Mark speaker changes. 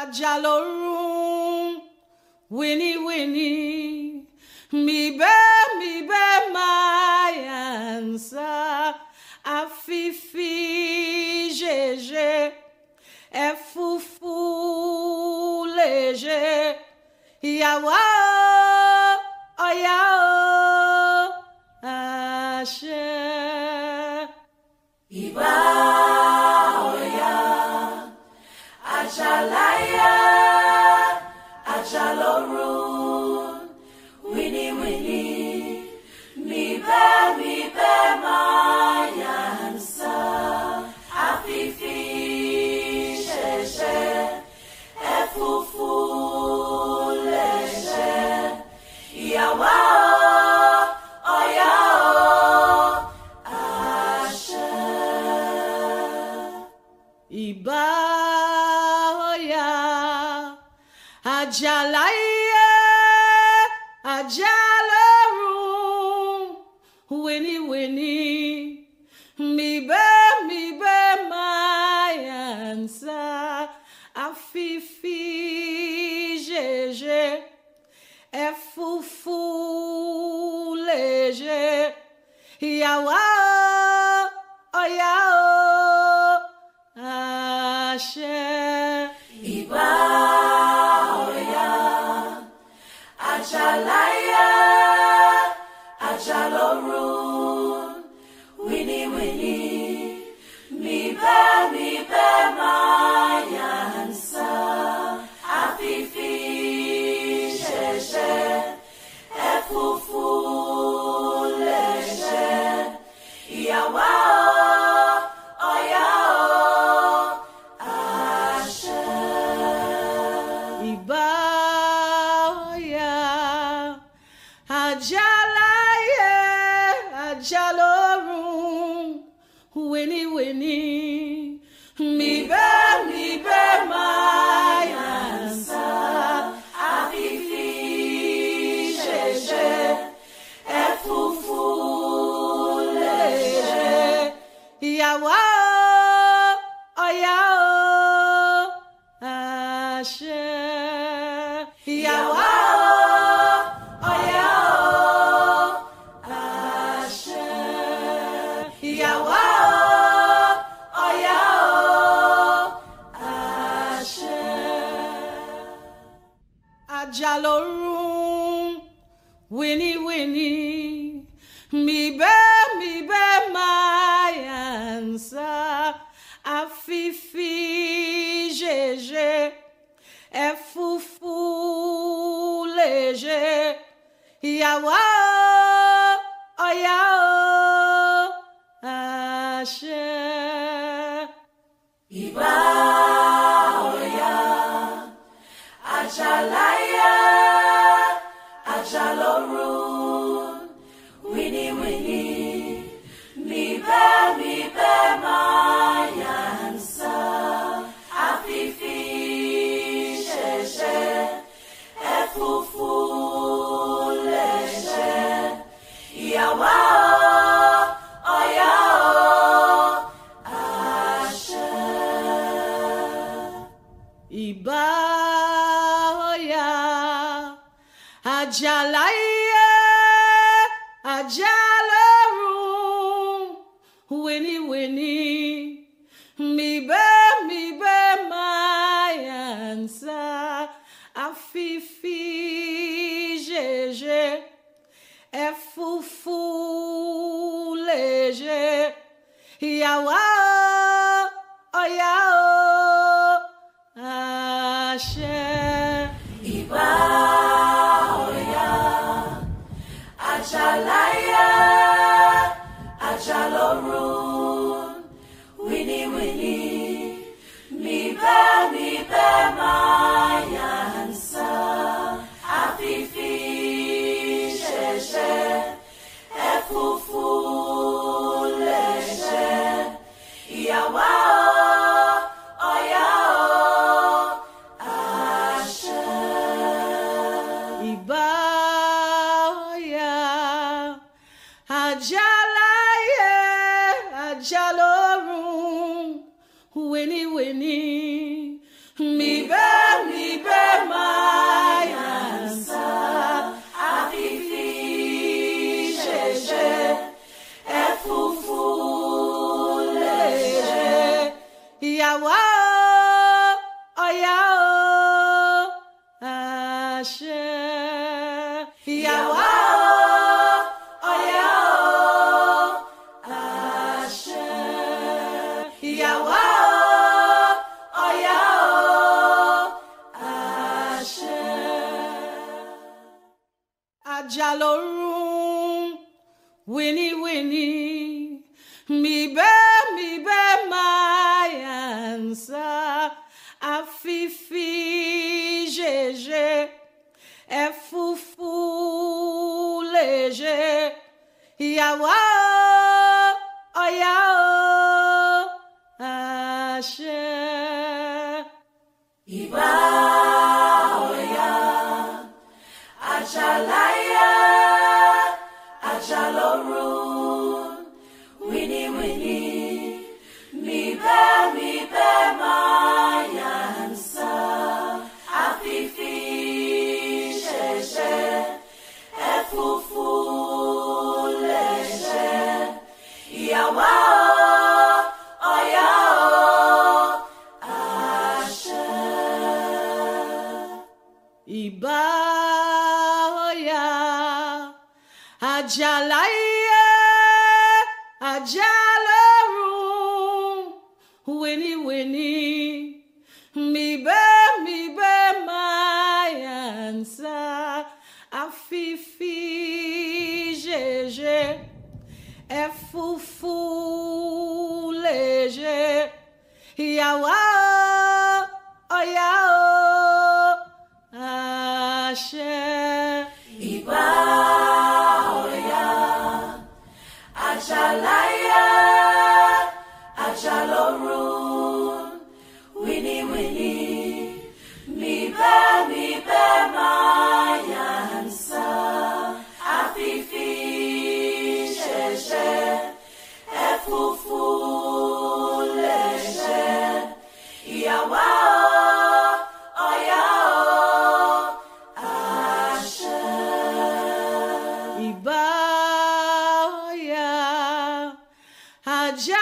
Speaker 1: Ajalo room àjàlórún wíníwíní mìbẹ́ mìbẹ́ máa yàn sá àfífí jèjé ẹ̀fúfú lèjé ìyàwó ọ̀yà o.
Speaker 2: Shalaya.
Speaker 1: Ajalaye, Ajalaru, Winnie Winnie, mi be mi be my answer, Afifi GG, Efufu léger, Yawa, Oyao, ashé.
Speaker 2: Iba. Achalaya, Achalo.
Speaker 1: àjàláyé àjàlórun wíníwíní. Mi mibe mibe mayansa afifi jeje é fufu léger yawa oya o axé. Ajalaye, Ajalaru, Winnie Winnie, me be me be my answer, Afifi jeje, Efufu leje, Yawa, Oyao,
Speaker 2: Ashe, Iba. Achalaya, achalorun, àṣàlọ́run wíníwíní.
Speaker 1: with me.
Speaker 2: baby, be, mi be, my.
Speaker 1: Jalo room, lórún wíníwíní mìbẹ be máa be my answer. afífí jẹjẹ ẹfúfú lẹjẹ ìyàwó ọyà ó àṣẹ. Ibaya Ajalaye Ajalaru Winnie Winnie Mibe Mibe Mayansa Afifi Gégé Efufu leje, Yawa Hashem.
Speaker 2: Ibadah.
Speaker 1: já